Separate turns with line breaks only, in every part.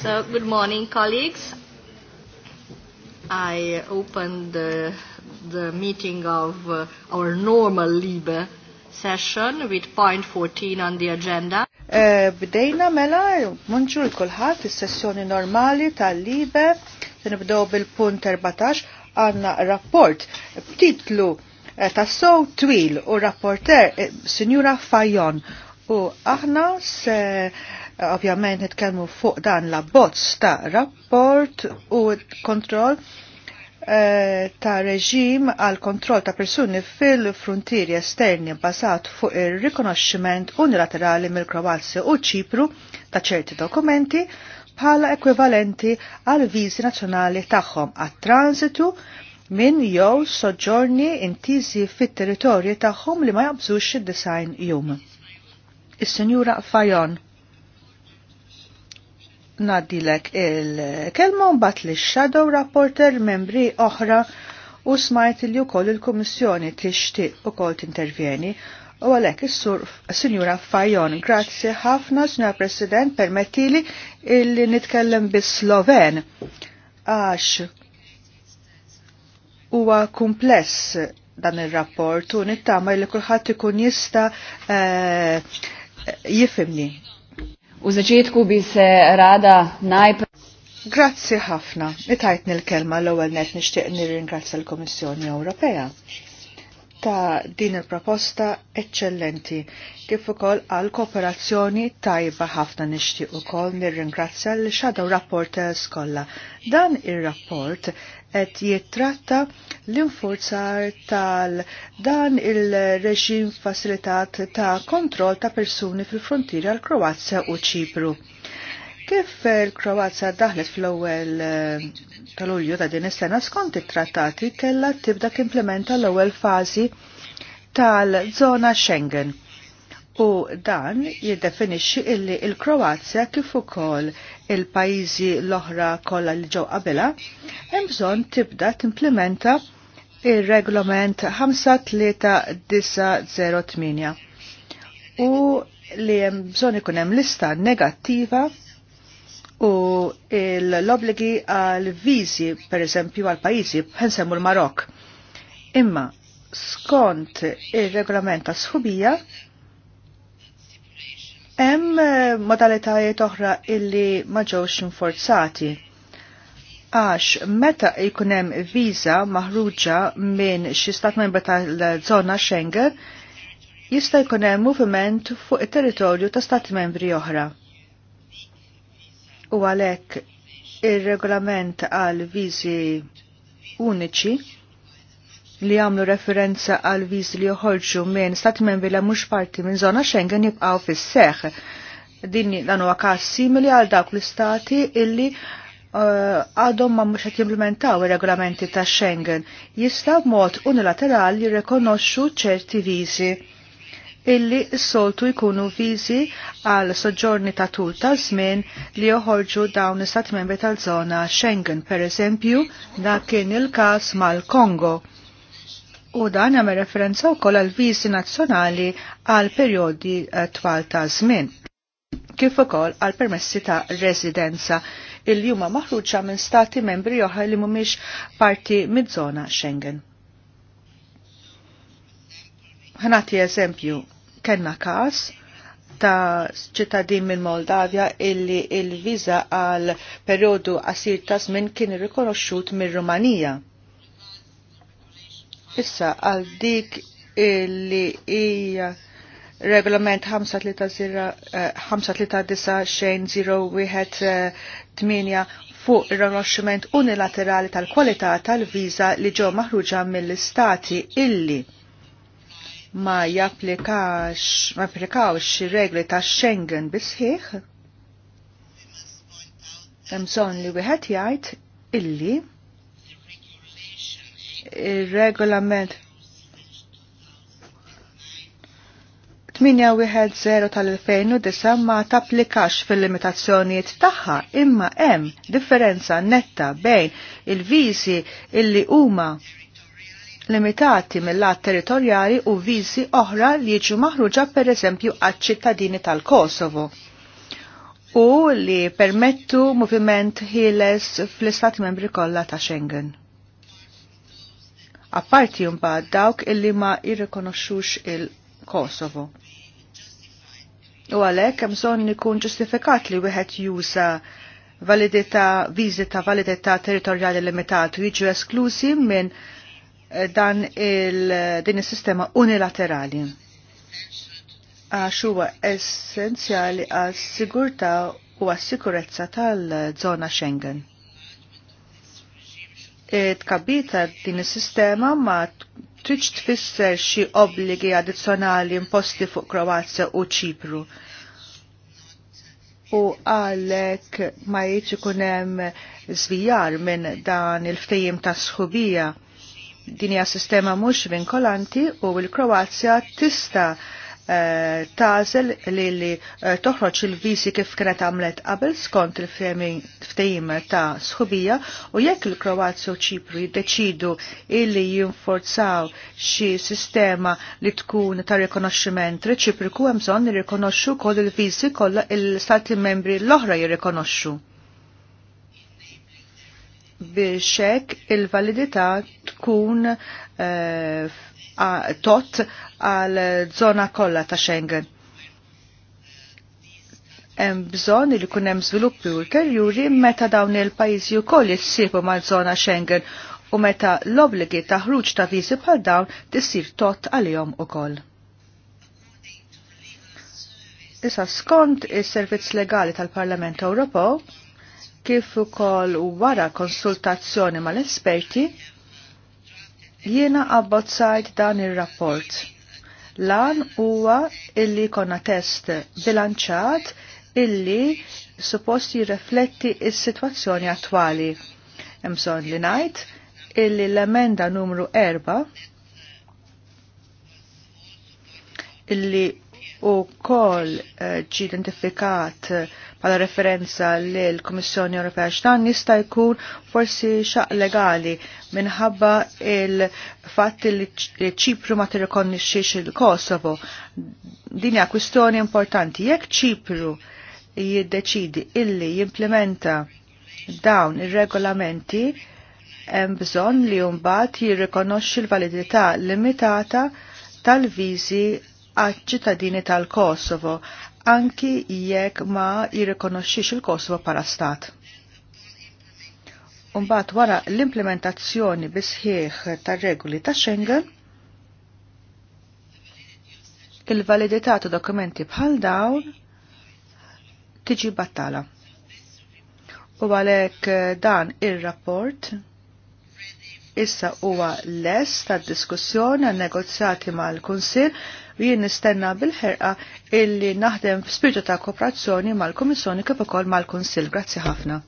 So, good morning, colleagues. I
opened the, the meeting of uh, our normal LIBE session with point 14 on the agenda. Eh, bdejna mela, munġu l-kolħat, il-sessjoni normali tal-LIBE, nibdow bil-punt 14, għanna rapport b'titlu eh, ta' sow twil u rapporter eh, Sinjura Fajon u aħna se eh, ovvjament nitkellmu fuq dan la bozz ta' rapport u kontroll ta' reġim għal kontroll ta' persuni fil-frontieri esterni basat fuq ir-rikonoxximent unilaterali mill-Kroazja u Ċipru ta' ċerti dokumenti bħala ekwivalenti għal viżi nazzjonali tagħhom għat-transitu minn jew soġġorni intiżi fit-territorju tagħhom li ma jabżux id-design jum. Is-Sinjura Fajon naddilek il-kelma mbagħad li shadow rapporter membri oħra u smajt li wkoll il-Kummissjoni tixtieq ukoll tintervjeni U għalek, s sur signora Fajon, grazie ħafna, signora President, permettili illi nitkellem bis-Sloven, għax huwa kumpless dan il-rapport u nittama li kulħadd ikun jista eh, jifimni. U zaċietku bis eh, rada najp. Grazzi ħafna. Itajtni l-kelma l-ewwel net nixtieq nirringrazzja l-Komissjoni Ewropea ta' din il-proposta eccellenti kif ukoll għal kooperazzjoni tajba ħafna nixtieq ukoll nirringrazzja l shadow Rapporters kollha. Dan ir-rapport qed jittratta l-infurzar tal dan il-reġim fasilitat ta' kontroll ta' persuni fil-frontiera l Kroazja u Ċipru Kif il-Kroazja daħlet fl-ewwel eh, tal-Ulju ta' din is-sena skont it-trattati kellha tibda timplementa l-ewwel fażi tal-żona Schengen. U dan jiddefinixxi illi il-Kroazja kif ukoll il-pajjiżi l-oħra kollha li ġew qabilha hemm bżonn tibda timplementa il-reglament 53908 u li hemm bżonn ikun hemm lista negattiva u l-obligi għal viżi per eżempju għal pajizi nsemmu l-Marok. Imma skont ir-regolament ta' sħubija hemm eh, modalitajiet oħra illi ma ġewx infurzati għax meta hemm viza maħruġa minn xi stat membru tal-żona Schengen jista' jkun hemm moviment fuq it-territorju ta' stati membri oħra u għalek il-regolament għal viżi uniċi li għamlu referenza għal viżi li joħorġu minn stat membri li mhux parti minn zona Schengen jibqgħu fis-seħ. Din dan huwa każ simili għal dawk l-istati illi uh, għadhom ma mhux qed jimplementaw ir-regolamenti ta' Schengen jista' b'mod unilaterali jirrekonoxxu ċerti viżi illi s-soltu jkunu viżi għal soġġorni ta' tul ta' żmien li joħorġu dawn istat membri tal-żona Schengen, per eżempju, dak kien il-każ mal-Kongo. U dan għam referenza wkoll għal viżi nazzjonali għal perjodi eh, twal ta' żmien kif ukoll għal permessi ta' residenza il-juma maħruċa minn stati membri oħra li mhumiex parti mid-żona Schengen. Ħanati eżempju, kena kas ta' ċittadin minn Moldavja illi il-viza għal periodu qasir ta' żmien kien irrikonoxxut mir-Rumanija. Issa għal dik illi hija regolament 539 eh, xejn eh, fuq ir-rikonoxximent unilaterali tal-kwalità tal-viża li ġew maħruġa mill-istati illi ma japplikax, ma applikawx regli ta' Schengen bisħiħ, emson li wieħed jgħid illi il-regolament 810 tal-2009 ma tapplikax fil-limitazzjonijiet tagħha imma hemm differenza netta bejn il-viżi illi huma limitati mill-lat territorjali u viżi oħra li jiġu maħruġa per eżempju għad-ċittadini tal-Kosovo u li permettu moviment ħieles fl-Istati membri kollha ta' Schengen. Apparti mbagħad dawk illi ma jirrikonoxxux il-Kosovo. U għalhekk hemm bżonn ikun ġustifikat li wieħed juża validità viżi ta' validità territorjali u jiġu esklusi minn dan il, din is-sistema unilaterali għax huwa essenzjali għas sigurtà u għas-sikurezza tal-żona Schengen. E, Tkabita din is-sistema ma triċ tfisser xi obbligi addizzjonali imposti fuq Kroazja u Ċipru. U għalhekk ma jieċi ikun hemm minn dan il-ftejim ta' sħubija Din hija sistema mhux vinkolanti u l-Kroazja tista' eh, tazel li li eh, toħroġ il-visi kif kienet għamlet qabel skont il ftejim ta' sħubija u jekk il-Kroazja u Ċipru jiddeċidu illi jinforzaw xi sistema li tkun ta' rikonoxximent reċipriku hemm bżonn irrikonoxxu kol il-visi kollha il-stati membri l-oħra jirrikonoxxu biex hekk il-validità tkun uh, tot għal żona kollha ta' Schengen hemm bżonn li jkun hemm żviluppi ulterjuri meta dawn il-pajjiżi wkoll jissibu maż-żona Schengen u meta l-obligi ta' ħruġ ta' viżi bħal dawn tissir tot għalihom ukoll. Issa skont is-Servizz Legali tal-Parlament Ewropew, kif ukoll wara konsultazzjoni mal-esperti jiena abbozzajt dan ir-rapport. Lan huwa illi konna test bilanċat illi suppost jirrefletti is-sitwazzjoni attwali. Imson li ngħid illi l-emenda numru 4 illi u kol eh, ġidentifikat identifikat uh, bħala referenza l-Komissjoni Ewropea x'dan jista' jkun forsi xaq legali minħabba il-fatt li ċipru ma tirrikonnixxiex il-Kosovo. Din hija kwistjoni importanti. Jekk ċipru jiddeċidi illi jimplementa dawn ir-regolamenti, hemm bżonn li mbagħad jirrikonoxxi l-validità limitata tal-viżi għaċ-ċittadini tal-Kosovo anki jekk ma jirrikonoxxix il-Kosovo bħala stat. Umbat wara l-implementazzjoni bisħieħ tar-regoli ta' Schengen, il-validità ta' dokumenti bħal dawn tiġi battala. U għalhekk dan ir-rapport issa huwa lest tad diskussjoni għan negozjati mal-Kunsill u jien nistenna bil-ħerqa illi naħdem f'spirtu ta' kooperazzjoni mal-Komissjoni kif ukoll mal-Kunsill. Grazzi ħafna.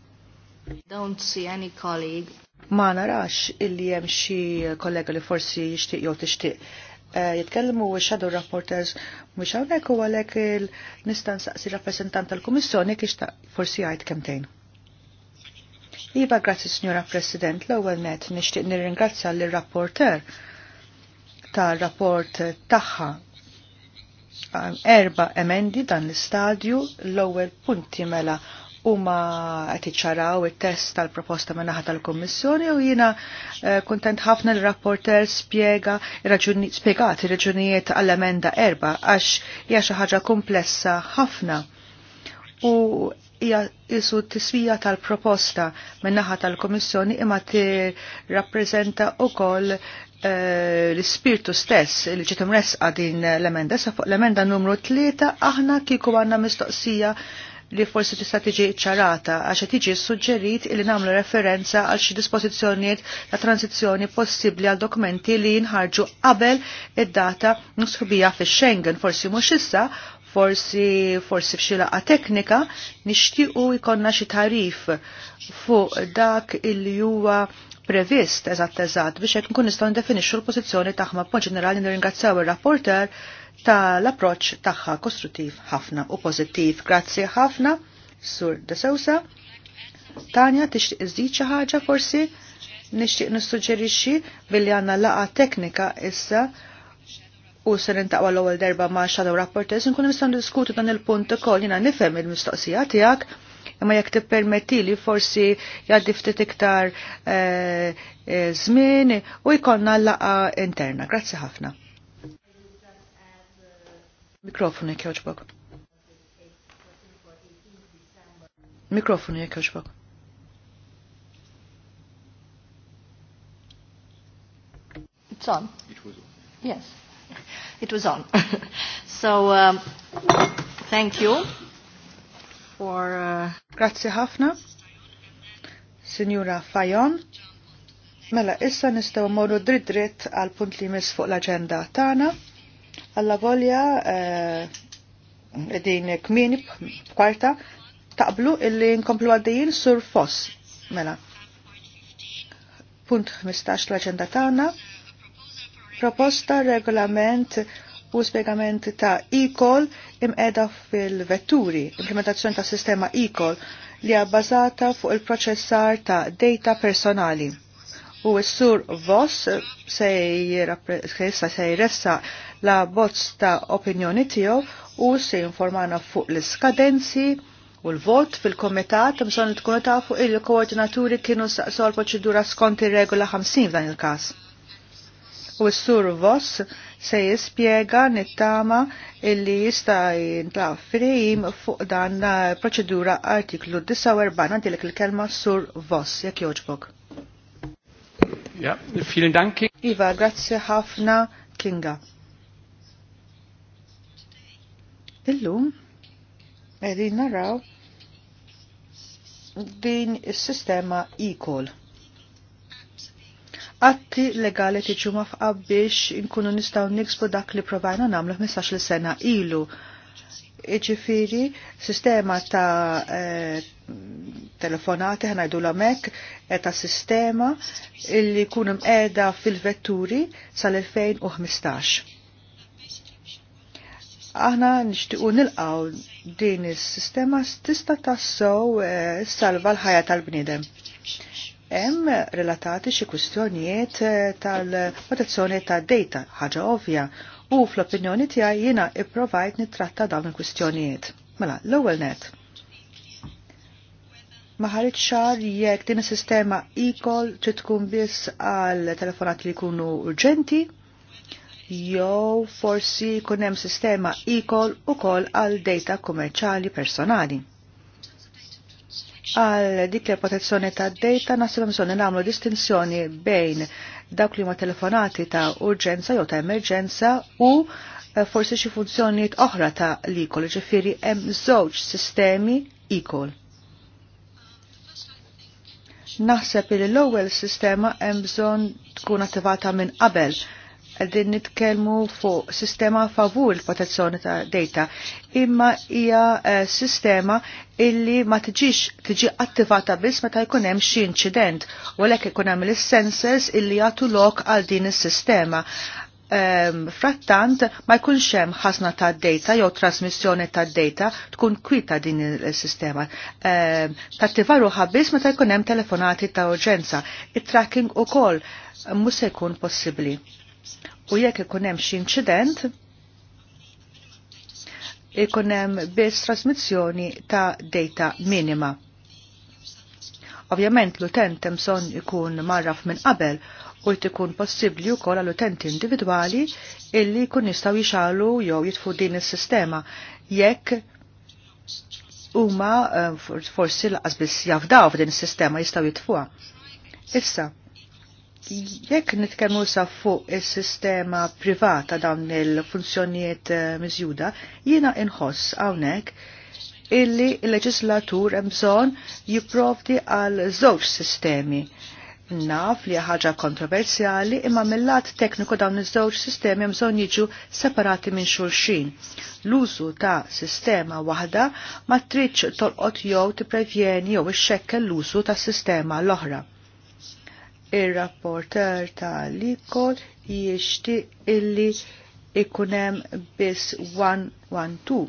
Don't see any colleague. Ma narax illi hemm xi kollega li forsi jixtieq jew tixtieq eh, jitkellmu u shadow rapporters mhux hawnhekk u għalhekk nista' nsaqsi rappreżentant tal-Kummissjoni kiex ta' forsi jgħid kemtejn. Iva, grazzi Signora President, l-ewwel net nixtieq nirringrazzja lir rapporter tal-rapport tagħha erba emendi dan l-istadju l-ewwel punti mela huma qed iċċaraw it-test tal-proposta minn naħa tal-Kummissjoni u jiena eh, kuntent ħafna l rapporter spjega spjegat ir-raġunijiet għall-emenda erba għax hija xi ħaġa komplessa ħafna u hija isu tiswija tal-proposta minn naħa tal kummissjoni imma tirrappreżenta wkoll Eh, l-spirtu stess li ġiet imresqa din l-emenda, sa fuq l-emenda numru 3 aħna kieku għandna mistoqsija li forsi tista' tiġi ċarata għax qed tiġi suġġerit li nagħmlu referenza għal xi dispożizzjonijiet ta' transizzjoni possibbli għal dokumenti li jinħarġu qabel id-data nusħubija fix-Schengen, forsi mhux issa, forsi forsi f'xi laqa teknika nixtiequ jkollna xi tarif fuq dak il-li huwa previst eżatt eżatt biex hekk nkun nistgħu ndefinixxu l-pożizzjoni tagħha b'mod ġenerali nirringrazzjaw ir-rapporter tal-approċċ tagħha kostruttiv ħafna u pożittiv. Grazzi ħafna, Sur De Sousa. Tanja tixtieq iżdid xi ħaġa forsi nixtieq nissuġġerixxi billi għandna laqa teknika issa u ser intaqwa l-ewwel darba ma' Shadow Rapporters nkunu nistgħu diskutu dan il-punt ukoll jiena nifhem il-mistoqsija tiegħek imma jekk tippermetti li forsi jgħaddi ftit iktar eh, eh, żmien u jkollna laqa interna. Grazzi ħafna. Mikrofonu jekk jogħġbok.
Mikrofonu jekk jogħġbok.
It's on. It was on. Yes. It was on. so, um, thank you for... Uh... Grazie ħafna, Signora Fajon. Mela, issa nistaw morru dritt dritt għal punt li mis fuq l-agenda tana. Alla volja, uh, din kmini kwarta, taqblu illi nkomplu għaddejjin sur fos. Mela, punt 15 l-agenda tana. Proposta regolament u spiegament ta' e-call imqeda fil-vetturi, implementazzjoni ta' sistema e-call li għabbażata fuq il-proċessar ta' data personali. U s-sur VOS se jressa la bozz ta' opinjoni tiegħu u se informana fuq l-skadenzi u l-vot fil-komitat mson li tkunu fuq il-koordinaturi kienu saqsol proċedura skont ir-regola 50 dan il-każ. U s-sur Voss se jispjega nittama illi jista' jintlaq frejim fuq dan eh, proċedura artiklu 49 għandilek il-kelma sur vos, jek joġbog. Ja, vielen Dank. Iva, grazie ħafna Kinga. Illum, edin naraw din is-sistema e-call atti legali tiġu mafqab biex inkunu nistaw niksbu dak li provajna namlu 15 sena ilu. Iġifiri, sistema ta' telefonati eh, telefonati ħanajdu l-amek eh, ta' sistema illi kunum edha fil-vetturi sal-2015. Aħna nixtiqu nilqaw din is-sistema tista' tassew eh, salva l-ħajja tal-bniedem hemm relatati xi kwistjonijiet eh, tal-protezzjoni tad-data, ħaġa ovvja, u fl-opinjoni tiegħi jiena ipprovajt nittratta dawn il-kwistjonijiet. Mela, l-ewwel net. Ma ħarid xar jekk din is-sistema e-call trid tkun biss għal telefonat li jkunu urġenti, jew forsi jkun hemm sistema e-call ukoll għal data kummerċjali personali għal dik li protezzjoni ta' data nasib bżonn nagħmlu distinzjoni bejn dawk li ma telefonati ta' urġenza jew ta' emerġenza u eh, forsi xi funzjonijiet oħra ta' l-ikol, ġifieri hemm żewġ sistemi ikol. Naħseb li l-ewwel sistema hemm bżonn tkun attivata minn qabel din nitkellmu fuq sistema favur il-protezzjoni ta' data, imma hija eh, sistema illi ma tiġix tiġi attivata biss meta jkun hemm xi inċident, u għalhekk ikun hemm sensors illi jagħtu lok għal din is-sistema. Um, frattant ma jkunx hemm ħasna ta' data jew trasmissjoni ta' data tkun kwita din il-sistema. Um, Tattiva ruħa biss meta jkun hemm telefonati ta' urġenza. It-tracking ukoll mhux se jkun possibbli U jekk ikun hemm xi inċident, ikun hemm biss trasmissjoni ta' data minima. Ovvjament l-utent hemm bżonn ikun marraf minn qabel u jt ikun possibbli wkoll għall utenti individwali illi jkun jistgħu jixalu jew jitfu din is-sistema jekk huma eh, forsi laqas biss jafdaw f'din is-sistema jistgħu jitfuha. Issa, Jekk nitkellmu sa fuq is-sistema privata dawn il-funzjonijiet eh, miżjuda, jiena inħoss hawnhekk illi l-leġislatur hemm bżonn jipprovdi għal żewġ sistemi. Naf li ħaġa kontroversjali imma mill-lat tekniku dawn iż-żewġ sistemi hemm bżonn jiġu separati minn xulxin. L-użu ta' sistema waħda ma tridx tolqot jew tipprevjeni jew ixxekkel l-użu ta' sistema l-oħra ir-rapporter l ikol jiexti illi ikunem bis 112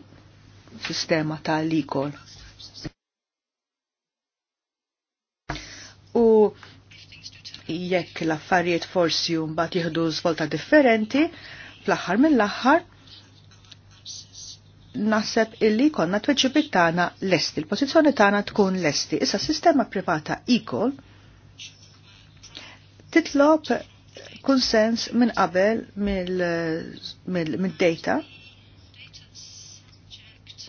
sistema tal-ikol. U jekk l-affarijiet forsi mbagħad jieħdu svolta differenti, fl-aħħar mill-aħħar naħseb illi konna tweġibit tagħna lesti, il-pożizzjoni tagħna tkun l-esti. Issa sistema privata ikol titlob konsens minn qabel mill-data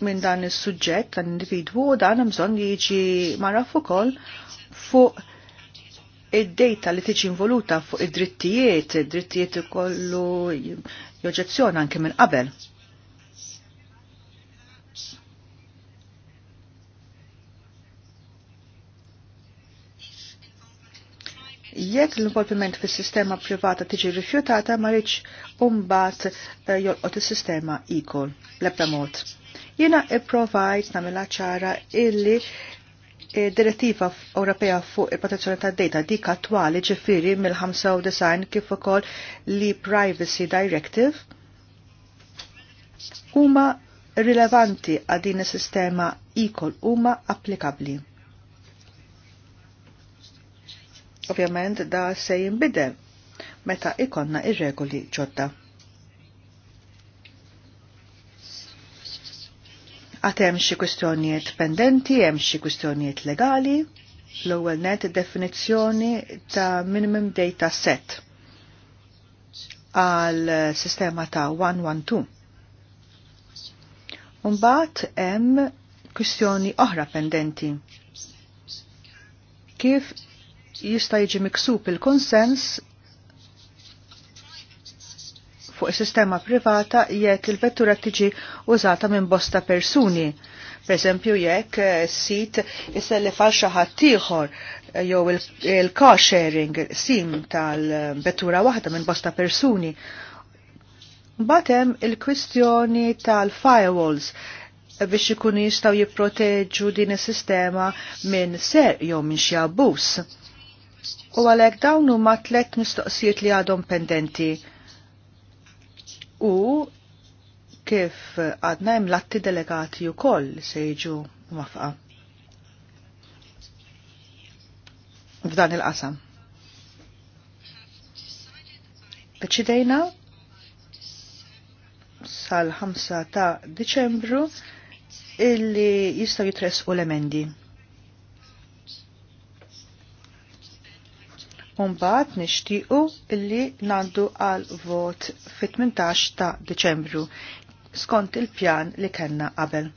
minn dan is-suġġett tan-individwu u dan hemm bżonn jiġi maraf ukoll fuq id-data li tiġi involuta fuq id-drittijiet, id-drittijiet ikollu joġezzjoni anke minn qabel. Jekk l-involviment fis-sistema privata tiġi rifjutata ma rridx umbat eh, jolqot is-sistema ikol l-ebda mod. Jiena ipprovajt nagħmilha ċara illi eh, direttiva Ewropea fuq il-protezzjoni tad data dik attwali ġifieri mill-95 kif ukoll li Privacy Directive huma rilevanti għal din is-sistema ikol huma applikabbli. Ovvjament da se jinbidel meta ikonna ir-regoli ġodda. Għat hemm xi kwistjonijiet pendenti, hemm xi kwistjonijiet legali, l-ewwel net definizzjoni ta' minimum data set għal sistema ta' 112. Umbat hemm kwistjoni oħra pendenti. Kif jista' jiġi miksub il-konsens fuq is-sistema privata jekk il-vettura tiġi użata minn bosta persuni. Pereżempju jekk eh, sit iselli fa' xi ħadd ieħor eh, jew il-car sharing sim tal-vettura waħda minn bosta persuni. Batem il-kwistjoni tal-firewalls biex ikunu jistgħu jipproteġu din is-sistema minn ser jew minn xi abbuż U għalek dawn huma tlet mistoqsijiet li għadhom pendenti. U kif għadna hemm latti delegati wkoll se jiġu mafqa. F'dan il-qasam. Deċidejna sal-5 ta' Diċembru illi jistgħu jitresqu l-emendi. Umbat nishtiqu illi nandu għal vot fit-18 ta' Deċembru skont il-pjan li kenna qabel.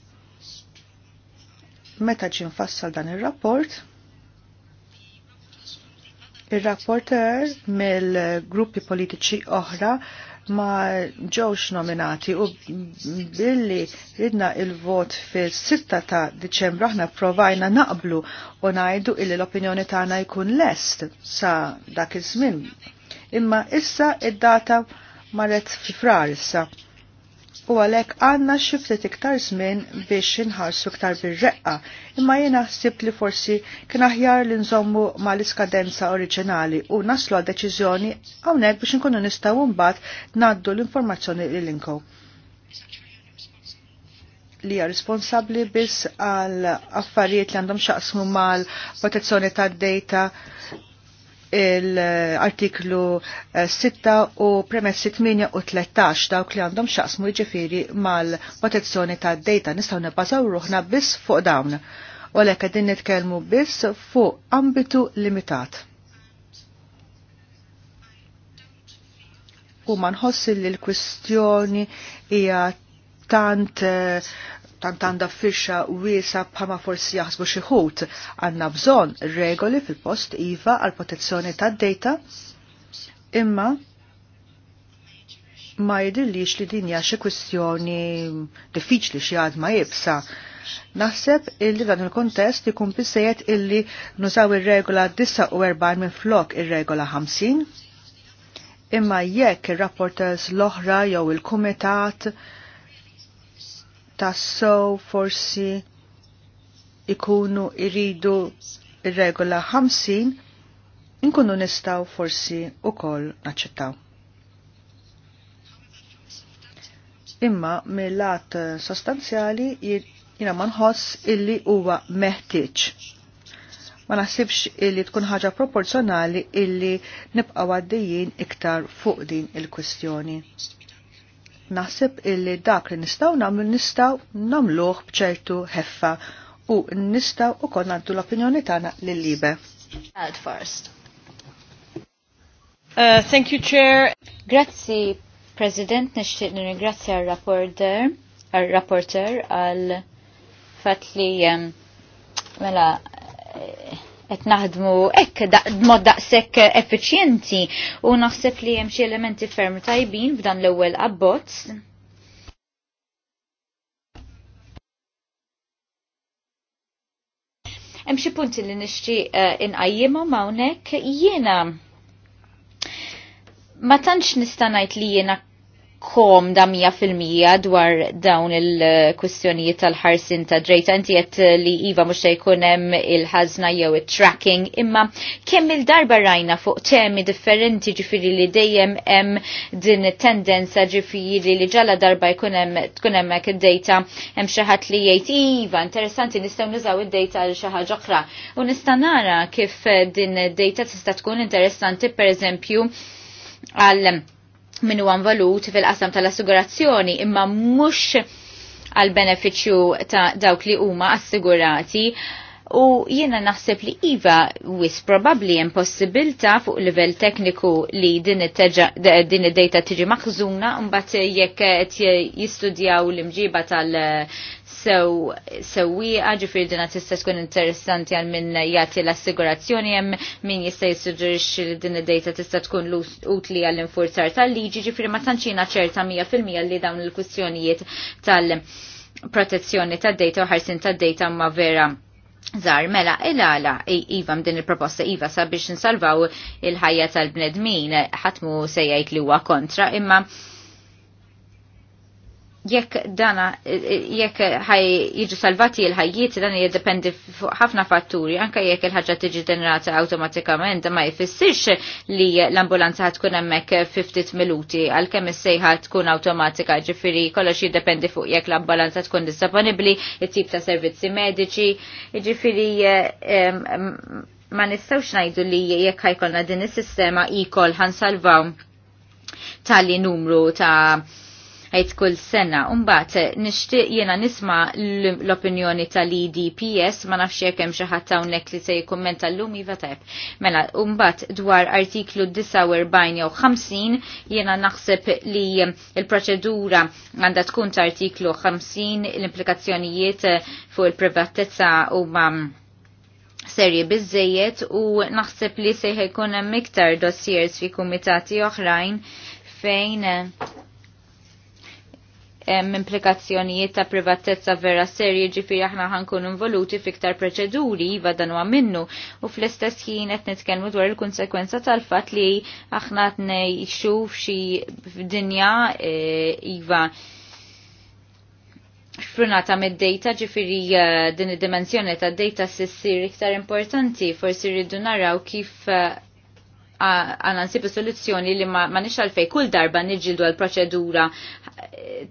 Meta ġin fassal dan il-rapport, il-rapporter mill-gruppi politiċi oħra ma ġewx nominati u billi ridna il-vot fil-6 ta' Diċembru aħna provajna naqblu u ngħidu illi l-opinjoni tagħna jkun lest sa dak iż-żmien. Imma issa id-data maret fi frar issa u għalek għanna xiftet iktar żmien biex inħarsu iktar bir-reqqa, imma jena ħsib li forsi kien aħjar li nżommu ma l-iskadenza oriġinali u naslu għal deċiżjoni hawnhekk biex inkunu nistgħu mbagħad naddu l-informazzjoni lil inkow li hija responsabbli biss għal affarijiet li għandhom xaqsmu mal protezzjoni tad-data l-artiklu 6 eh, u premessi 8 u 13 dawk li għandhom xaqsmu ġifiri mal-protezzjoni ta' data nistaw nibbażaw ruħna biss fuq dawn. U l din nitkellmu biss fuq ambitu limitat. U manħossi nħossi li l-kwistjoni hija tant eh, tant għandha firxa wiesa bħama forsi jaħsbu xi għanna għandna bżonn regoli fil-post iva għal protezzjoni tad-data imma ma jidillix li din hija xi kwistjoni diffiċli xi għadma jibsa. Naħseb illi dan il-kontest ikun bisejet illi nużaw ir-regola 49 minn flok ir-regola 50 imma jekk ir-rapporters l-oħra jew il-kumitat il il kumitat tassow forsi ikunu iridu regola 50 inkunu nistaw forsi u koll naċċettaw. Imma mill-lat sostanzjali jina manħoss illi huwa meħtieġ. Ma naħsibx illi tkun ħaġa proporzjonali illi nibqa' għaddejjin iktar fuq din il-kwestjoni. Naħseb illi dak li nistaw namlu nistaw namluħ bċertu heffa u nistaw u kon
għaddu l-opinjoni tagħna l libe first. Uh, thank you, Chair. Grazzi, President, nixtieq nirringrazzja r-rapporter għal-rapporter għal fatt li um, mela qed naħdmu hekk mod daqshekk effiċjenti u naħseb li hemm xi elementi ferm tajbin f'dan l-ewwel abbozz. Hemm xi punti li nixtieq eh, inqajjimhom hawnhekk jiena ma tantx nista' ngħid li jiena Kom fil-mija dwar dawn il-kwistjonijiet tal-ħarsin ta' drejta. Inti qed li iva mhux se jkunem hemm il-ħażna jew it-tracking, imma kemm il-darba rajna fuq temi differenti ġifieri li dejjem hemm din tendenza ġifiri li ġalla darba jkun hemm tkun hemmhekk id-dejta hemm xi ħadd li jgħid iva interessanti nistgħu nużaw id-dejta għal xi ħaġa oħra. U nista' nara kif din id-dejta tista' tkun interessanti pereżempju għal minn huwa valut fil-qasam tal-assigurazzjoni imma mhux għal beneficju ta' dawk li huma assigurati u jiena naħseb li iva wis probably hemm possibilità fuq livell tekniku li din id-data tiġi maħżuna mbagħad jekk qed jistudjaw l-imġiba tal sew sewwieqa ġifier dina tista' tkun interessanti għal min jagħti l-assigurazzjoni hemm min jista' jissuġġerixxi li din id-dejta tista' tkun utli għall infurzar tal-liġi ġifier ma tantxina ċerta mija fil-mija li dawn il-kwistjonijiet tal-protezzjoni tad-dejta u ħarsin tad-dejta ma vera Zar, mela, il-għala, Iva mdin il-proposta Iva sabiex nsalvaw il-ħajja tal-bnedmin, ħatmu sejajt li huwa kontra, imma jekk dana, jekk ħaj jiġu salvati l-ħajjiet, dan jiddependi fuq ħafna fatturi, anka jekk il-ħagġa tiġi ġenerata automatikament, ma jfissirx li l-ambulanza ħatkun hemmhekk 50 minuti, għalkemm kem sejħa tkun automatika, ġifiri, kollox jiddependi fuq jekk l-ambulanza tkun disponibbli, it-tip ta' servizzi mediċi, ġifiri, ma nistgħux ngħidu li jekk ħajkolna din is-sistema ikol ħansalvaw tal-li numru ta' għajt kull sena. Umbat, nishtiq jena nisma l-opinjoni tal-IDPS, ma nafx kem hemm xi ħadd hawnhekk li se l llum i iva, tajb. Mela, umbat dwar artiklu 49 jew 50 jena naħseb li l-proċedura għandha tkun ta' artiklu 50 l-implikazzjonijiet fuq il-privatezza u ma' serji bizzejiet u naħseb li se jkun hemm iktar dossiers fi kumitati oħrajn fejn implikazzjonijiet ta' privatezza vera serji ġifiri aħna ħankun involuti fiktar proċeduri iva dan huwa minnu u fl-istess ħin qed nitkellmu dwar il-konsekwenza tal-fatt li aħna qed ngħixu f'xi dinja e, iva xfrunata mid data ġifiri e, din id-dimensjoni ta' data s-sir iktar importanti, forsi rridu naraw kif e, għana nsibu soluzzjoni li ma nix għalfej kull darba nġildu għal proċedura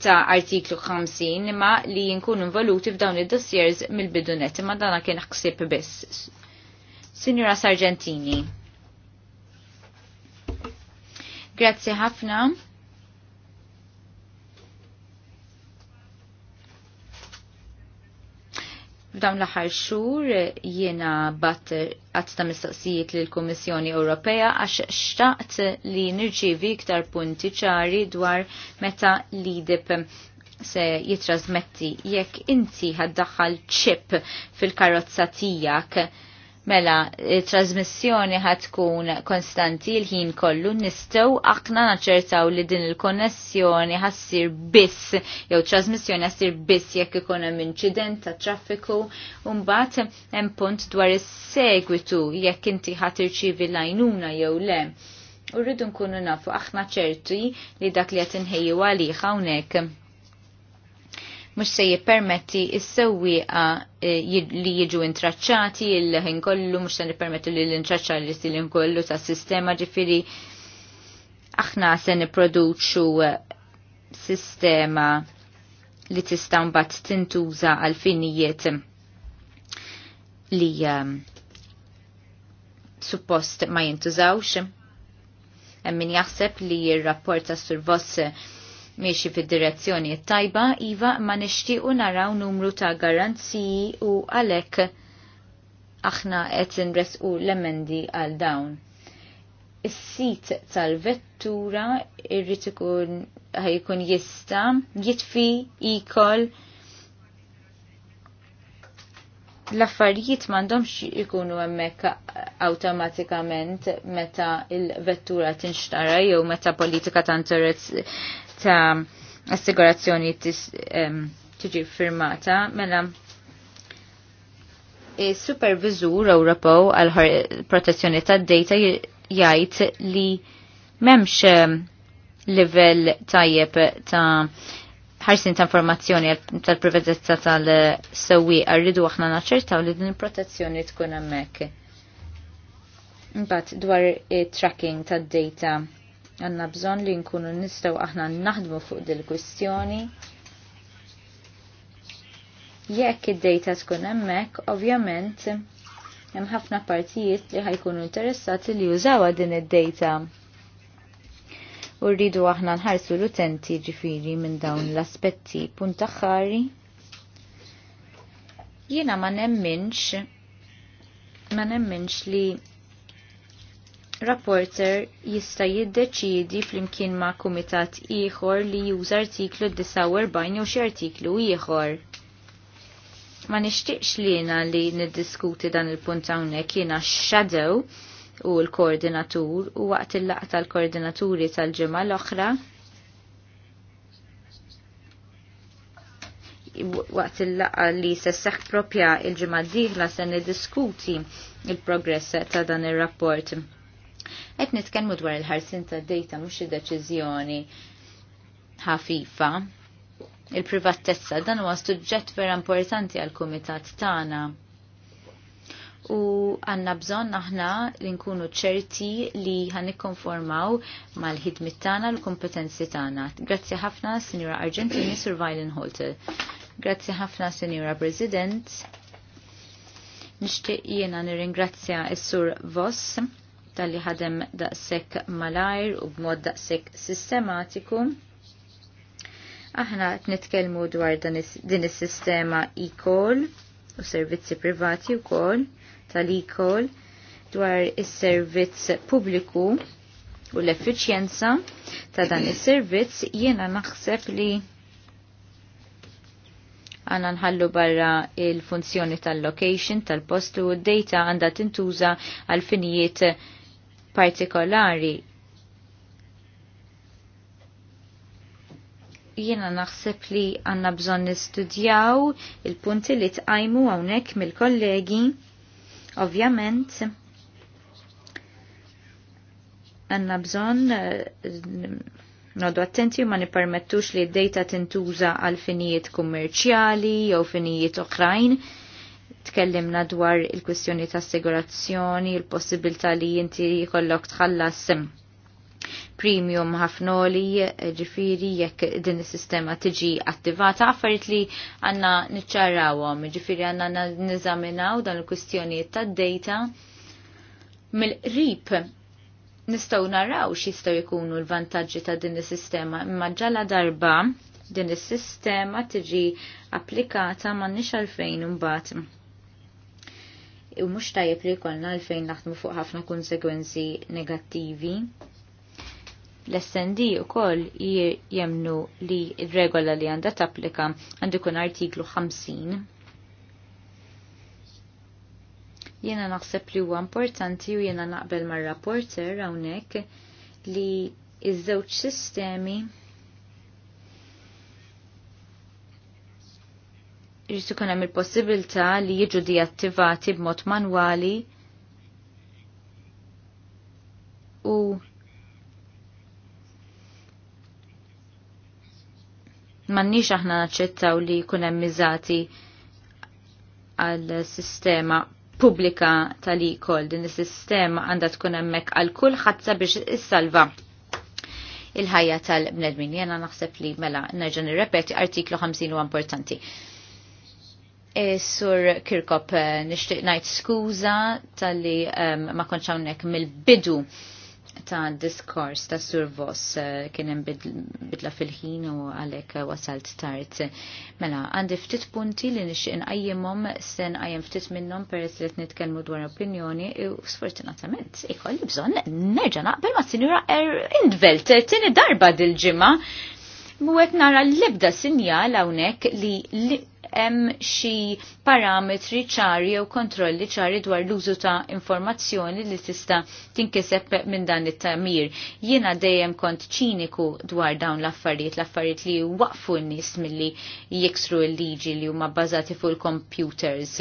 ta' artiklu 50 imma li jinkunu involuti f'dawn id-dossiers mill-bidunet imma dana kien ħsib biss. Signora Sargentini. Grazzi ħafna. F'dawn l-aħħar xhur jiena bat qatt ta' mistoqsijiet lill kummissjoni Ewropea għax xtaqt li nirċievi iktar punti ċari dwar meta l-IDIP se jitrasmetti jekk inti ħaddaħħal ċip fil-karozza tiegħek Mela, trasmissjoni ħatkun konstanti l-ħin kollu nistow aħna naċertaw li din il-konnessjoni ħassir biss, jew trasmissjoni ħassir biss jekk ikun hemm inċident ta' traffiku, u mbagħad hemm punt dwar is-segwitu jekk inti ħadd irċivi l-għajnuna jew le. Urridu rridu nkunu nafu aħna ċerti li dak li qed inħejju għalih hawnhekk mux se jippermetti jissewi sewwieqa eh, li jiġu intraċċati il-ħin kollu, mux se jippermetti li l-intraċċa l-istilin kollu ta' sistema ġifiri aħna se niproduċu eh, sistema li tista' mbagħad tintuża għal finijiet li eh, suppost ma jintużawx. min jaħseb li r-rapport ta' Sur miexi fid-direzzjoni tajba iva ma nixtiequ naraw numru ta' garanziji u għalhekk aħna qed inresqu l-emendi għal dawn. Is-sit tal-vettura irrid ikun ħajkun jista' jitfi ikol l-affarijiet mandomx ikunu emmek automatikament meta il-vettura tinxtara jew meta politika ta' interess ta' assigurazzjoni tiġi firmata mela Supervizur rapow għal protezzjoni tad data jgħid li memx livell tajjeb ta' ħarsin ta' informazzjoni tal-privatezza tal-sewi rridu aħna naċċertaw li din il-protezzjoni tkun hemmhekk. Imbagħad dwar it-tracking tad-data Għanna bżon li nkunu nistaw aħna naħdmu fuq dil-kwistjoni. Jekk id-data tkun hemmhekk, ovvjament hemm ħafna partijiet li ħajkunu interessati li jużawa din id-data. U rridu aħna nħarsu l-utenti ġifiri minn dawn l-aspetti puntaħħari. Jiena ma nemminx ma nemminx li rapporter jista jiddeċiedi flimkien ma' kumitat ieħor li juża artiklu 49 jew xi artiklu ieħor. Ma nixtieqx jiena li niddiskuti dan il-punt hawnhekk jiena shadow u l-koordinatur u waqt il-laqta tal-koordinaturi tal-ġimgħa l-oħra waqt il-laqa li sessax propja il-ġimgħa d-dieħla se niddiskuti il-progress ta' dan ir rapport Qed nitkellmu dwar il-ħarsin ta' data mhux id-deċiżjoni ħafifa. Il-privatezza dan huwa suġġett vera importanti għal kumitat tagħna. U għanna bżon aħna li nkunu ċerti li ħanikkonformaw mal-ħidmit tagħna l-kompetenzi tagħna. Grazzi ħafna, Sinjura Argentini, Sur Violin Holter. Grazzi ħafna, Sinjura President nishtiq jiena nirringrazzja s-sur Voss tal-li ħadem daqsek malajr u b'mod daqsek sistematiku. Aħna t-nitkelmu dwar din is-sistema e-call u servizzi privati u kol tal-e-call dwar is-servizz pubbliku u l-effiċjenza ta' dan is-servizz jiena naħseb li għanna nħallu barra il-funzjoni tal-location, tal-postu, d-data għanda tintuża għal finijiet partikolari. Jiena naħseb li għanna bżon nistudjaw il-punti li tqajmu hawnhekk mill-kollegi. Ovvjament, għanna bżon eh, nodu attenti ma nipermettux li d-data tintuża għal finijiet kummerċjali jew finijiet oħrajn tkellimna dwar il-kwistjoni ta' assigurazzjoni, il-possibilità li inti jkollok tħallas premium ħafnoli, ġifiri jekk din is-sistema tiġi attivata, affarijiet li għandna niċċarawhom, ġifiri għandna niżaminaw dan il-kwistjonijiet tad-data mill-qrib nistgħu naraw x'jistgħu jkunu l vantaġġi ta' din is-sistema, imma ġala darba din is-sistema tiġi applikata ma' nix għalfejn imbagħad u mux tajib li kolna l-fejn naħdmu fuq ħafna konsegwenzi negattivi. L-SND u koll jemnu li regola li għanda tapplika għandu kun artiklu 50. Jena naħseb li huwa importanti u jena naqbel mar-rapporter hawnhekk li iż-żewġ sistemi Irrid ikun hemm il-possibilità li jiġu diattivati b'mod manwali u mannix aħna naċċettaw li jkun hemm miżati għal sistema pubblika tal-ikol din is-sistema għandha tkun hemmhekk għal kulħadd biex issalva il-ħajja tal-bnedmin. Jena naħseb li mela nerġa' nirrepeti artiklu 50 u importanti. E, sur Kirkop, eh, nishtiq najt skuza tal-li um, ma konċawnek mill-bidu ta' diskors ta' Sur Voss eh, kienem bidla fil-ħin u għalek wasalt tard. Mela, għandi ftit punti li nixtieq nqajjimhom sen qajjem ftit minnhom peress li qed nitkellmu dwar opinjoni u sfortunatament ikolli bżonn nerġa' naqbel ma' Sinjura Indvelt tieni darba dil-ġimgħa Mwet nara l-libda sinjal hawnhekk li hemm xi parametri ċari jew kontrolli ċari dwar l-użu ta' informazzjoni li tista' tinkiseb minn dan it-tamir. Jiena dejjem kont ċiniku dwar dawn l-affarijiet, l-affarijiet li waqfu n-nies milli jiksru l-liġi li huma bbażati fuq il-computers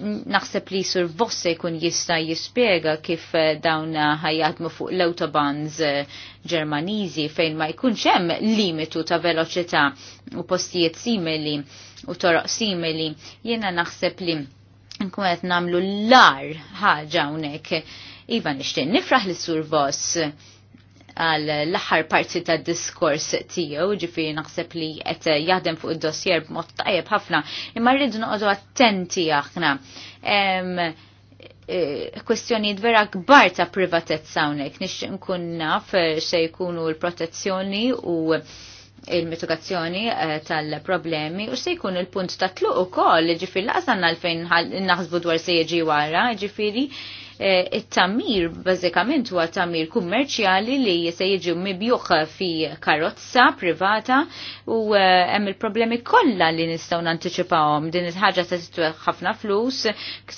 naħseb li sur vossa jkun jista jispiega kif eh, dawn eh, ħajjadmu fuq l-autobans eh, ġermaniżi fejn ma jkunx hemm limitu ta' veloċità u postijiet simili u toroq simili. Jiena naħseb li nkun qed nagħmlu l-ar ħaġa hawnhekk. Iva nixtieq nifraħ li sur voss għal l-aħħar parti ta' diskors tiegħu, ġifi naħseb li qed jaħdem fuq id-dossier b'mod tajjeb ħafna, imma rridu noqogħdu attenti aħna. E, kwestjonijiet vera kbar ta' privatezza hawnhekk, nixtieq nkun naf se jkunu l-protezzjoni u il-mitigazzjoni e, tal-problemi u se jkun il-punt ta' tluq ukoll, ġifieri laqsan għalfejn naħsbu dwar se jiġi wara, ġifiri Eh, it-tammir bażikament huwa tammir kummerċjali li se jiġu mibjuħ fi karozza privata u eh, hemm il-problemi kollha li nistgħu nantiċipawhom. Din il-ħaġa se titweħ ħafna flus,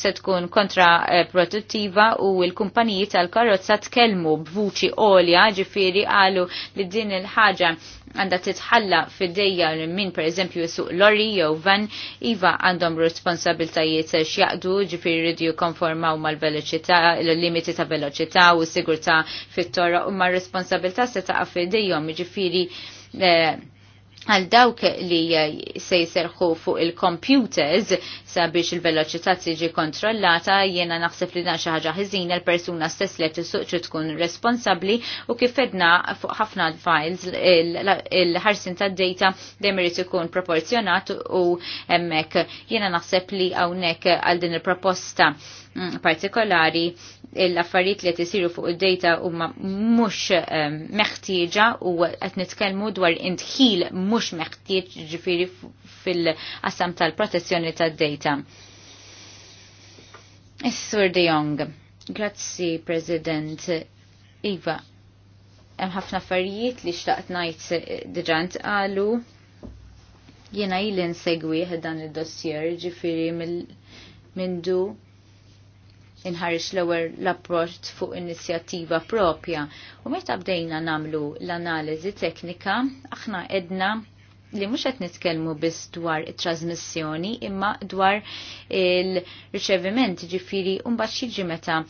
se tkun kontra eh, produttiva, u l-kumpaniji tal-karozza tkellmu b'vuċi għolja ġifieri qalu li din il-ħaġa għanda titħalla fil-dejja minn per eżempju suq lorri jew van iva għandhom responsabiltajiet x'jaqdu ġifieri jridu jikkonformaw mal-veloċità, il-limiti ta' veloċità u s-sigurtà fit-toroq u ma' responsabilità se taqa' fidejhom ġifieri eh, għal dawk li se jiserħu fuq il-computers sabiex il-veloċità tiġi kontrollata jiena naħseb li dan xi ħaġa ħiżina l-persuna stess li tisuq tkun responsabbli u kif edna fuq ħafna files il-ħarsin tad-data dejjem irid ikun proporzjonat u hemmhekk jiena naħseb li hawnhekk għal din il-proposta Mm, partikolari l-affarijiet li tisiru fuq id-data huma mhux ehm, meħtieġa u qed nitkellmu dwar intħil mhux meħtieġ ġifieri fil qasam tal-protezzjoni tad-data. Is-Sur De Jong, grazzi President Iva, hemm ħafna affarijiet li xtaqt ngħid eh, diġà qalu jiena ilin nsegwi dan id-dossier ġifieri mill-mindu inħarġ l-ewwel l-approċċ fuq inizjattiva propja. U meta bdejna namlu l-analiżi teknika, aħna edna li mhux qed nitkellmu biss dwar it-trasmissjoni imma dwar il-riċeviment ġifiri u mbagħad xiġi meta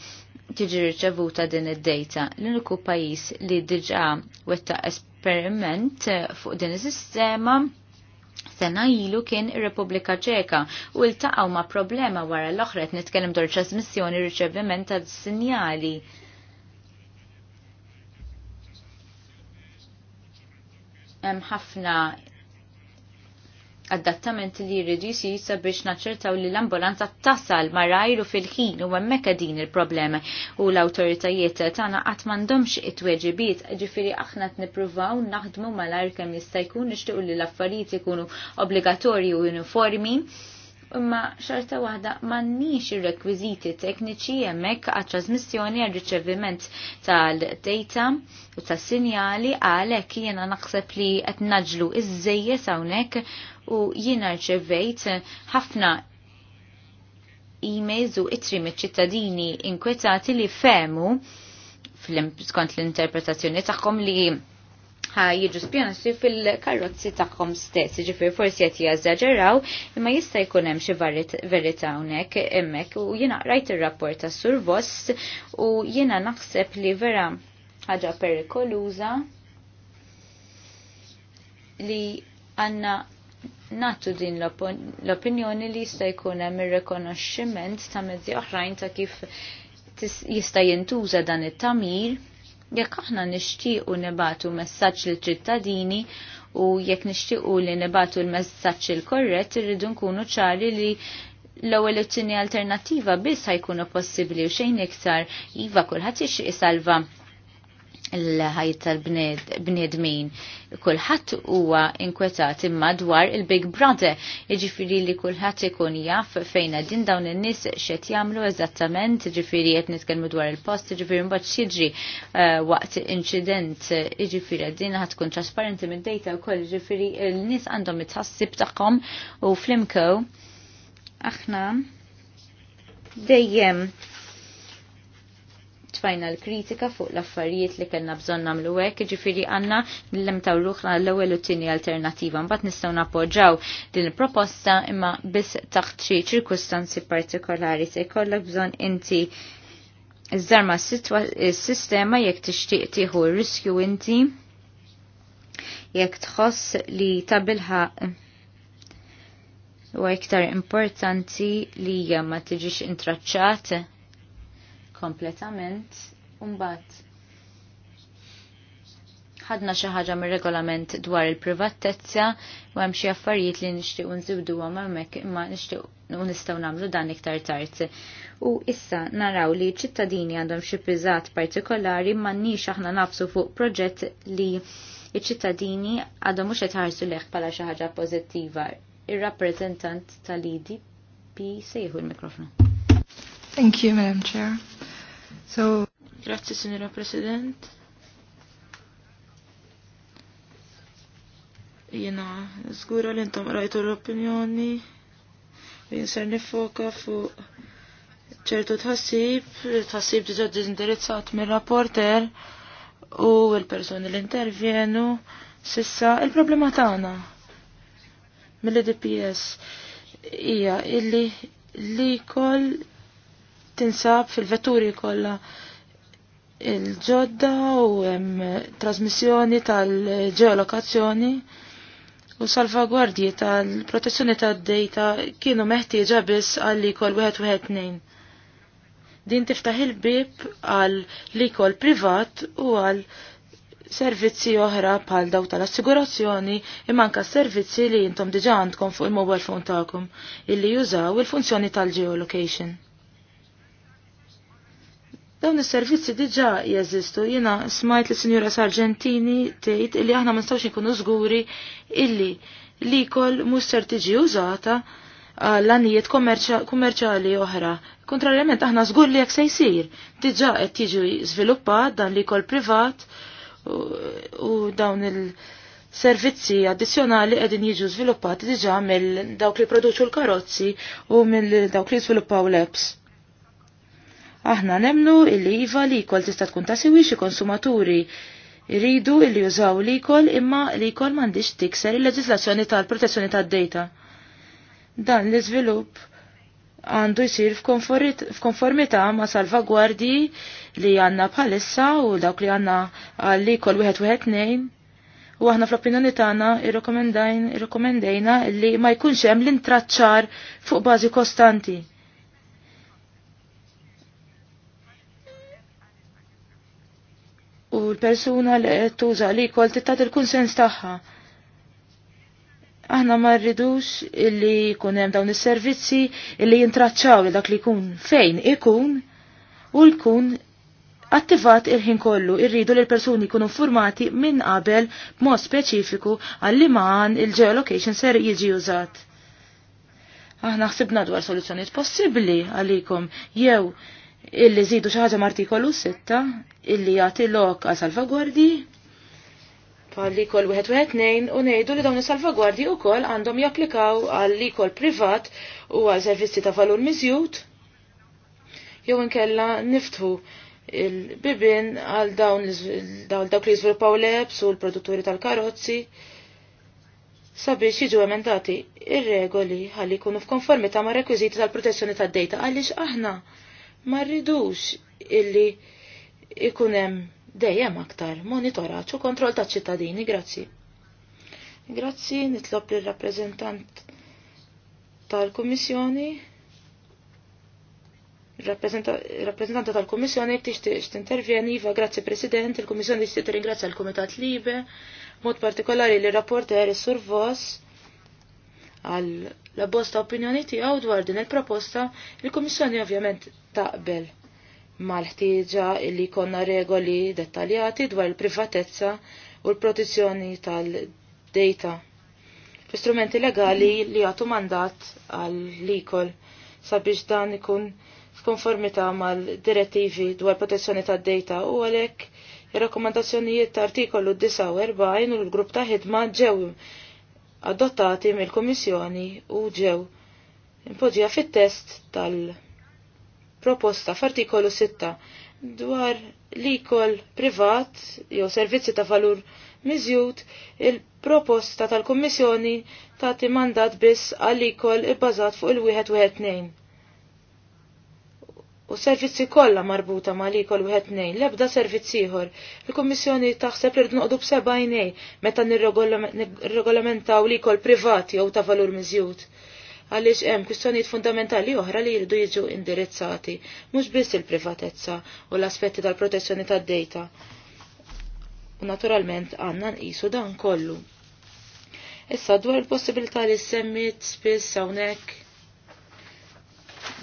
tiġi riċevuta din id-data. L-uniku pajjiż li diġà wettaq esperiment fuq din is-sistema sena ilu kien Repubblika Ċeka u l-taqaw ma' problema wara l oħret nitkellem dwar trasmissjoni riċeviment ta' sinjali. Hemm ħafna adattament li jridu jisir sabiex naċċertaw li l-ambulanza tasal marajru fil-ħin u hemmhekk din il-problema u l-awtoritajiet tagħna qatt m'għandhomx it-tweġibiet, ġifieri aħna qed nippruvaw naħdmu mal kemm jista' jkun nixtiequ li l-affarijiet ikunu obbligatorji u uniformi imma xorta waħda m'għandniex ir-rekwiżiti tekniċi hemmhekk għat-trasmissjoni r riċeviment tal-data u tas-sinjali għalhekk jiena naħseb li qed naġlu iż-żejjes hawnhekk u jiena rċevejt ħafna e-mails u itri mit-ċittadini inkwetati li femu skont l-interpretazzjoni tagħhom li jiġu spjonati fil-karozzi tagħhom stess, ġifir forsi qed jażaġeraw, imma jista' jkun hemm xi verità hawnhekk hemmhekk u jiena rajt ir-rapport ta' Sur Voss u jiena naħseb li vera ħaġa perikoluża li għanna natu din l-opinjoni li jista' jkun hemm ir-rikonoxximent ta' mezzi oħrajn ta' kif jista' jintuża dan it-tamir Jekk aħna nixtiequ nibatu messaġġ lill ċittadini u jekk nixtiequ li nibatu l-messaġġ il-korrett irridu nkunu ċari li l-ewwel it-tieni alternattiva biss ħajkunu possibbli u xejn iktar iva kulħadd jixtieq isalva l-ħajt tal-bnedmin. Kulħadd huwa inkwetat imma dwar il-Big Brother, Iġifiri li kulħadd ikun jaf fejn din dawn in-nies xet jagħmlu eżattament, Iġifiri qed nitkellmu dwar il-post, Iġifiri mbaċ xidri eh, waqt incident, jiġifieri din ħat tkun trasparenti mid-dejta wkoll, jiġifieri l-nies għandhom it-ħassib tagħhom u flimko aħna dejjem tfajna l-kritika fuq l-affarijiet li kellna bżonn nagħmlu hekk, jiġifieri għandna millem taw ruħna l-ewwel u tieni alternattiva. Mbagħad nistgħu nappoġġaw din il-proposta imma biss taħt xi ċirkustanzi partikolari se jkollok bżonn inti iż-żarma s-sistema jekk tixtieq tieħu r-riskju inti jekk tħoss li tabilħa u iktar importanti li ma tiġix intraċċat kompletament umbat ħadna xi ħaġa mir-regolament dwar il-privatezza u hemm xi affarijiet li nixtiequ nżibduhom hemmhekk imma nixtiequ nistgħu nagħmlu dan iktar tard. U issa naraw li ċittadini għandhom xi piżat partikolari m'għandniex aħna nafsu fuq proġett li iċ-ċittadini għadhom mhux qed ħarsu leħ bħala xi ħaġa pożittiva. Ir-rappreżentant tal-IDP sejħu l-mikrofonu.
Thank you, Madam Chair. So,
Grazie, signora President.
Jena, zgura li intom rajtu l-opinjoni, jinser nifoka fuq ċertu tħassib, tħassib diġa diżindirizzat mir rapporter u l-personi li intervjenu, sissa il-problema tagħna mill-DPS hija illi li kol tinsab fil-vetturi kollha il-ġodda u hemm trasmissjoni tal-ġeolokazzjoni u salvagwardji tal-protezzjoni tad-dejta kienu meħtieġa biss għalli ikol wieħed wieħed nejn. Din tiftaħ il-bib għal l-ikol privat u għal servizzi oħra bħal daw tal-assigurazzjoni imanka servizzi li jintom diġa għandkom fuq il-mobile phone tagħkom illi jużaw il-funzjoni tal-geolocation. Dawn is-servizzi diġà jeżistu. Jiena smajt li Sinjura Sargentini tgħid li aħna ma nistgħux inkunu żguri illi l-ikol mhux ser tiġi użata għal anijiet kummerċali oħra. Kontrarjament aħna żgur li jekk se jsir. Diġà qed jiġi żviluppat dan l-ikol privat u dawn il- servizzi addizjonali qegħdin jiġu żviluppati diġà mill dawk li produċu l-karozzi u mill dawk li żviluppaw l-apps. Aħna nemnu illi iva li kol tista' tkun tasiwi siwix konsumaturi rridu illi jużaw li kol imma li kol mandiċ tikser il-leġislazzjoni tal-protezzjoni tad-data. Dan l-iżvilupp għandu jisir f'konformità ma' salvagwardji li għanna bħalissa u dawk li għanna għalli kol wieħed wieħed nejn. U aħna fl-opinjoni tagħna irrekomendajna li ma jkunx hemm l-intraċċar fuq bażi kostanti. l-persuna li qed tuża li kol tittat il-kunsens tagħha. Aħna ma rridux illi jkun hemm dawn is-servizzi illi jintraċċaw dak li jkun fejn ikun u jkun attivat il-ħin kollu irridu li l-persuni jkunu formati minn qabel b'mod speċifiku għalli ma'an il-geolocation ser jiġi użat. Aħna ħsibna dwar soluzzjonijiet possibbli għalikom jew illi zidu xaħġa martikolu 6 illi jagħti lok għal salvagwardi palli kol wieħed 2 2 u ngħidu li dawn is-salvagwardi wkoll għandhom japplikaw għal kol privat u għal servizzi ta' valur miżjud jew inkella niftu il-bibin għal dawn dawk li jiżviluppaw l-ebs u l-produtturi tal-karozzi sabiex jiġu emendati ir-regoli ħalli jkunu f'konformità ma' rekwiżiti tal-protezzjoni tad-dejta għaliex aħna ma rridux illi ikunem dejjem aktar monitoraċ u kontroll ta' ċittadini, grazzi. Grazzi, nitlob li rappresentant tal-Komissjoni, rappresentanta tal-Komissjoni tixtieq tintervjeni, iva grazzi President, il-Komissjoni tixtieq ringrazzja l-Kumitat Libe, mod partikolari li rapporter is-Sur għal la bosta opinjoni tiegħu dwar din il-proposta, il-Kummissjoni ovvjament taqbel mal-ħtieġa li konna regoli dettaljati dwar il-privatezza u l-protezzjoni tal-data. L-istrumenti legali li għatu mandat għal ikol sabiex dan ikun f'konformità mal-direttivi dwar protezzjoni tad-data u għalhekk ir-rakkomandazzjonijiet ta' artikolu 49 u l-grupp ta' ħidma ġew adottati mill-Kummissjoni u ġew impoġija fit-test tal-proposta f'artikolu 6 dwar l-ikol privat jew servizzi ta' valur miżjud il-proposta tal-Kummissjoni tagħti mandat biss għal ikol ibbażat fuq il-wieħed wieħed u servizzi kollha marbuta ma' li kol wieħed nejn, lebda servizz ieħor. Il-Kummissjoni taħseb li noqdu b'seba' jnej meta nirregolamentaw li kol privati jew ta' valur miżjud. Għaliex hemm kwistjonijiet fundamentali oħra li jridu jiġu indirizzati, mhux biss il-privatezza u l-aspetti tal-protezzjoni tad-dejta. U naturalment għandna nqisu dan kollu. Issa dwar il-possibilità li semmit spiss hawnhekk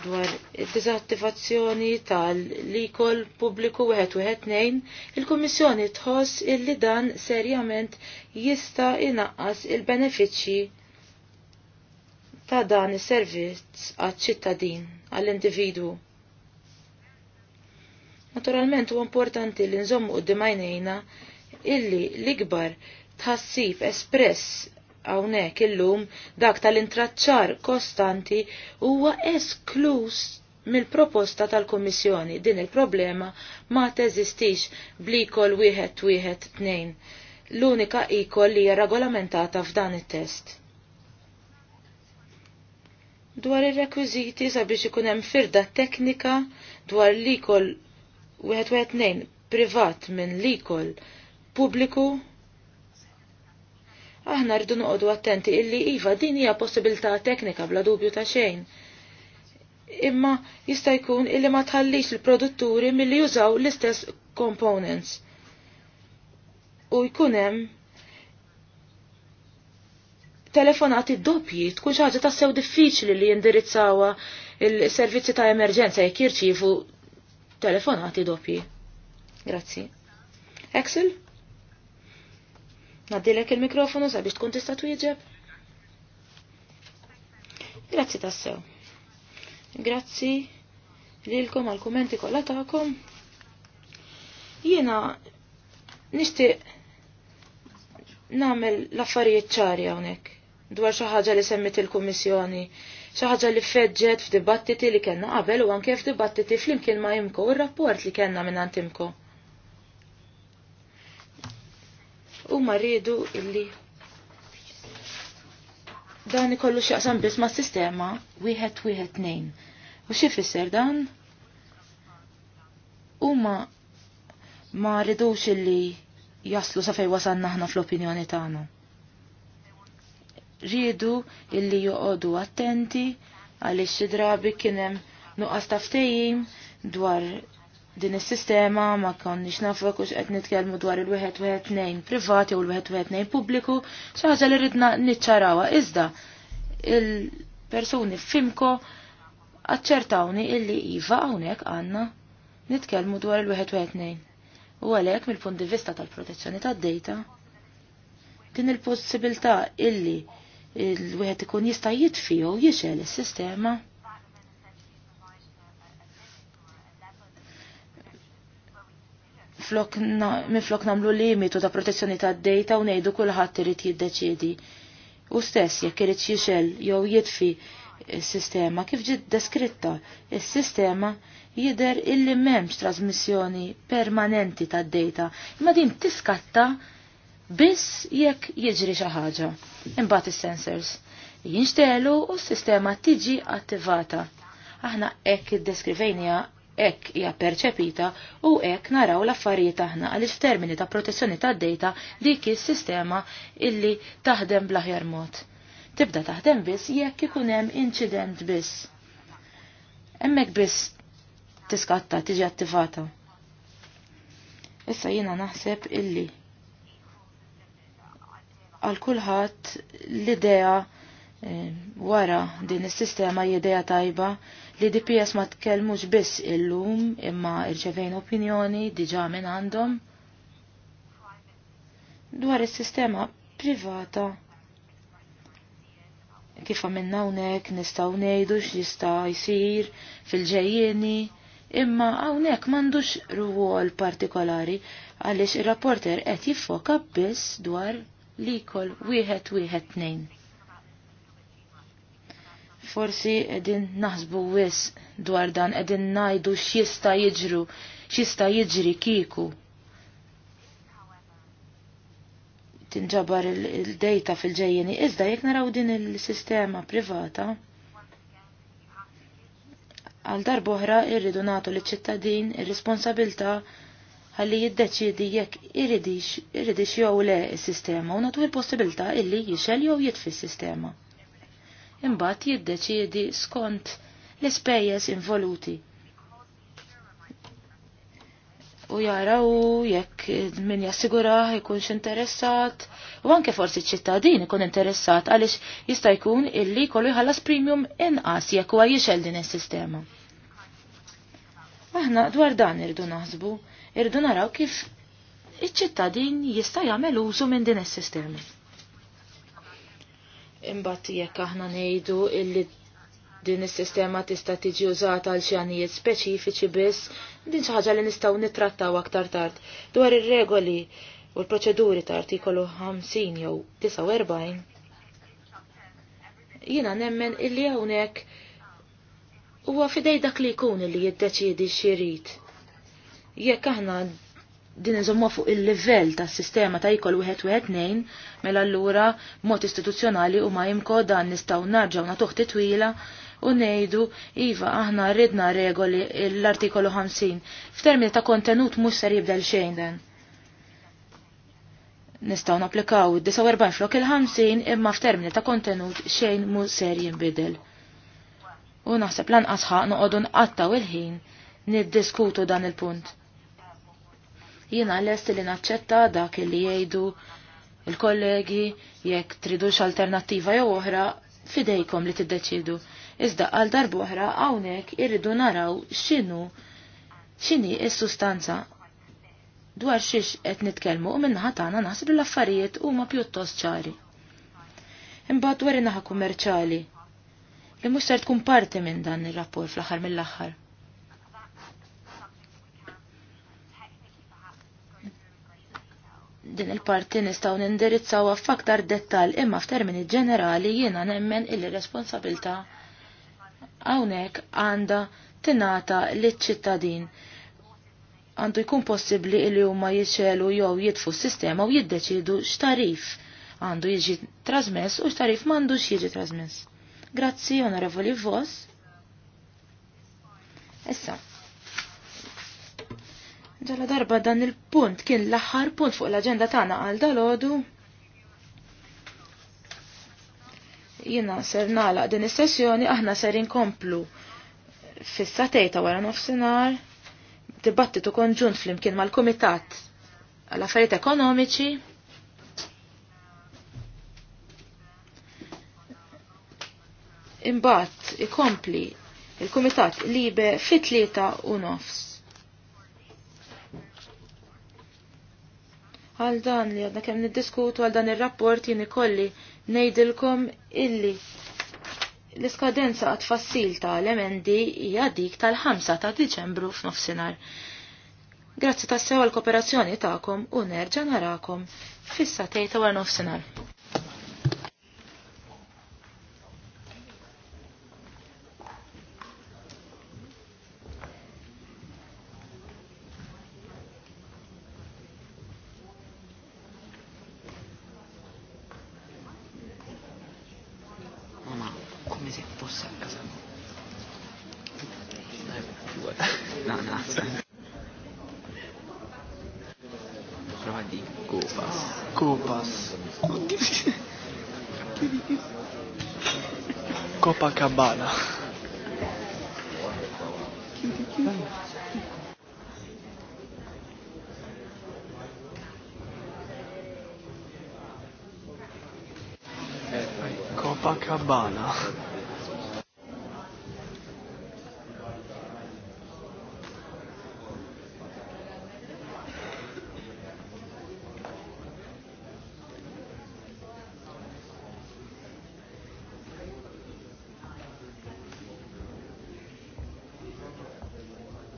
dwar id-dizattivazzjoni tal-likol pubbliku wieħed wieħed il-Kummissjoni tħoss illi dan serjament jista' inaqqas il-benefiċċji ta' dan is-servizz għaċ-ċittadin għall-individwu. Naturalment huwa importanti li nżommu qudiem għajnejna illi l-ikbar tħassib espress hawnhekk illum dak tal-intraċċar kostanti huwa esklus mill-proposta tal-Kummissjoni din il-problema ma teżistix bl-ikol wieħed wieħed tnejn. L-unika ikol li hija regolamentata f'dan it-test. Dwar ir-rekwiżiti sabiex ikun hemm firda teknika dwar l-ikol wieħed wieħed privat minn l-ikol pubbliku aħna rridu noqogħdu attenti illi iva din hija possibilità teknika bla dubju ta' xejn. Imma jista' jkun illi ma tħallix il-produtturi milli jużaw l-istess components. U jkun hemm telefonati doppji tkun xi ħaġa tassew diffiċli li jindirizzawha il-servizzi ta' emerġenza jekk jirċievu telefonati doppji. Grazzi. Axel? Naddilek il-mikrofonu sabiex tkun tista' twieġeb. Grazzi tassew. Grazzi lilkom għal kumenti kollha tagħkom. Jiena nixtieq nagħmel l-affarijiet ċari hawnhekk dwar xi ħaġa li semmit il-Kummissjoni, xi ħaġa li feġġet f'dibattiti li kellna qabel u anke f'dibattiti flimkien ma' jimkom u r-rapport li kellna minn imko. u rridu illi dan ikollu xaqsam biss ma' sistema wieħed wieħed nejn. U xi fisser dan? Huma ma ridux illi jaslu sa fej wasanna aħna fl-opinjoni tagħna. Rridu illi joqogħdu attenti għaliex xi drabi kien hemm nuqqas taftejjim dwar din is-sistema ma konniex nafu ux qed nitkellmu dwar il 1 wieħed privati u l 1 pubbliku, xi ħaġa li ridna niċċarawha iżda il-persuni fimko aċċertawni illi iva hawnhekk għandna nitkellmu dwar il 1 wieħed U għalhekk mill-punt di vista tal-protezzjoni tad-dejta din il-possibilità illi il-wieħed ikun jista' jitfi u jixel is-sistema. minflok namlu limitu ta' protezzjoni ta' data u nejdu kullħat irid jiddeċidi. U stess jekk irrit jixel jew jitfi s-sistema kif ġid deskritta, s sistema jider illi m'hemmx trasmissjoni permanenti ta' data, imma din tiskatta biss jekk jiġri xi ħaġa. Imbagħad is-sensors jinxtelu u s-sistema tiġi attivata. Aħna hekk iddeskrivejnija hekk hija perċepita u hekk naraw l-affarijiet aħna għaliex termini ta' protezzjoni tad-dejta dik is-sistema illi taħdem bl-aħjar mod. Tibda taħdem biss jekk ikun hemm incident biss. Hemmhekk biss tiskatta tiġi attivata. Issa jiena naħseb illi għal kulħadd l-idea eh, wara din is-sistema hija idea tajba Li DPS ma tkellmux biss illum imma irċevejn opinjoni diġa minn għandhom dwar is-sistema privata. Kif għamilna hawnhekk nistgħu ngħidu x'jista' jsir fil-ġejjieni, imma hawnhekk m'għandux ruwol partikolari għaliex ir-rapporter qed jiffoka biss dwar l-ikol wieħed wieħed tnejn. Forsi edin naħsbu wis dwar dan edin najdu x'jista' jiġru, x'jista' jiġri kiku. Tinġabar il-dejta il dejta fil ġejjeni iżda jekk naraw din il-sistema privata għal darboħra irridu nagħtu liċ ċittadin ir-responsabilta ħalli jiddeċiedi jekk iridix jew le s-sistema u nagħtu l possibilità illi jixel jew jitfi s-sistema imbagħad jiddeċiedi skont l-ispejjeż involuti. U jaraw jekk min jassiguraħ ikunx interessat, u anke forsi ċittadin ikun interessat għaliex jista' jkun illi kollu jħallas premium inqas jekk huwa jixel din is-sistema. Aħna dwar dan irdu naħsbu, irdu naraw kif iċ-ċittadin jista' jagħmel użu minn din is-sistema. Imbagħad jekk aħna ngħidu illi din is-sistema tista' tiġi użata għal xjanijiet speċifiċi biss, din xi ħaġa li nistgħu nittrattaw aktar tard dwar ir-regoli u l-proċeduri ta' artikolu 50 jew 49. Jiena nemmen illi hawnhekk huwa fidej dak li jkun illi jiddeċiedi x'irid. Jekk aħna din iżommu fuq il-livell tas sistema ta' jikol wieħed wieħed nejn, mela allura mod istituzzjonali u ma jimko dan nistgħu na nagħtuh twila u ngħidu iva aħna rridna regoli l-artikolu 50. F'termini ta' kontenut mhux ser jibdel xejn dan. Nistgħu napplikaw id-49 flok il-50 imma f'termini ta' kontenut xejn mux ser jinbidel. U naħseb lan asħaq noqogħdu nqattaw il-ħin niddiskutu dan il-punt Jiena lest li naċċetta dak li jgħidu il-kollegi jekk tridux alternattiva jew oħra fidejkom li tiddeċidu. Iżda għal darba oħra hawnhekk irridu naraw x'inhu x'inhi s-sustanza dwar xiex qed nitkellmu u minnaħa tagħna naħsibu l-affarijiet huma pjuttost ċari. Imbagħad dwar in-naħa kummerċjali li mhux ser tkun parti minn dan ir-rapport fl-aħħar mill-aħħar. din il-parti nistaw nindirizzaw f'aktar dettal imma f'termini ġenerali jiena nemmen il-responsabilta hawnhekk għandha tingħata li ċittadin Għandu jkun possibbli li huma jiċċelu jew jitfu s-sistema u jiddeċidu x'tarif għandu jiġi trasmess u x'tarif m'għandux jiġi trasmess. Grazzi, onorevoli Vos. Issa, Ġala darba dan il-punt kien l-aħħar punt fuq l-agenda tagħna għal dalodu. Jiena ser nagħlaq din is-sessjoni aħna ser inkomplu fis-satejta wara nofsinhar dibattitu konġunt flimkien mal-Kumitat għal affarijiet ekonomiċi. Imbagħad ikompli il-Kumitat libe fit-tlieta u nofs. għal dan li għadna kemm niddiskutu għal dan ir-rapport jien ikolli ngħidilkom illi l-iskadenza għat fassil ta' l-emendi hija dik tal-5 ta' Diċembru f'nofsinhar. Grazzi tassew għal kooperazzjoni ta'kom u nerġa' narakom fissa tejta wara nofsinhar.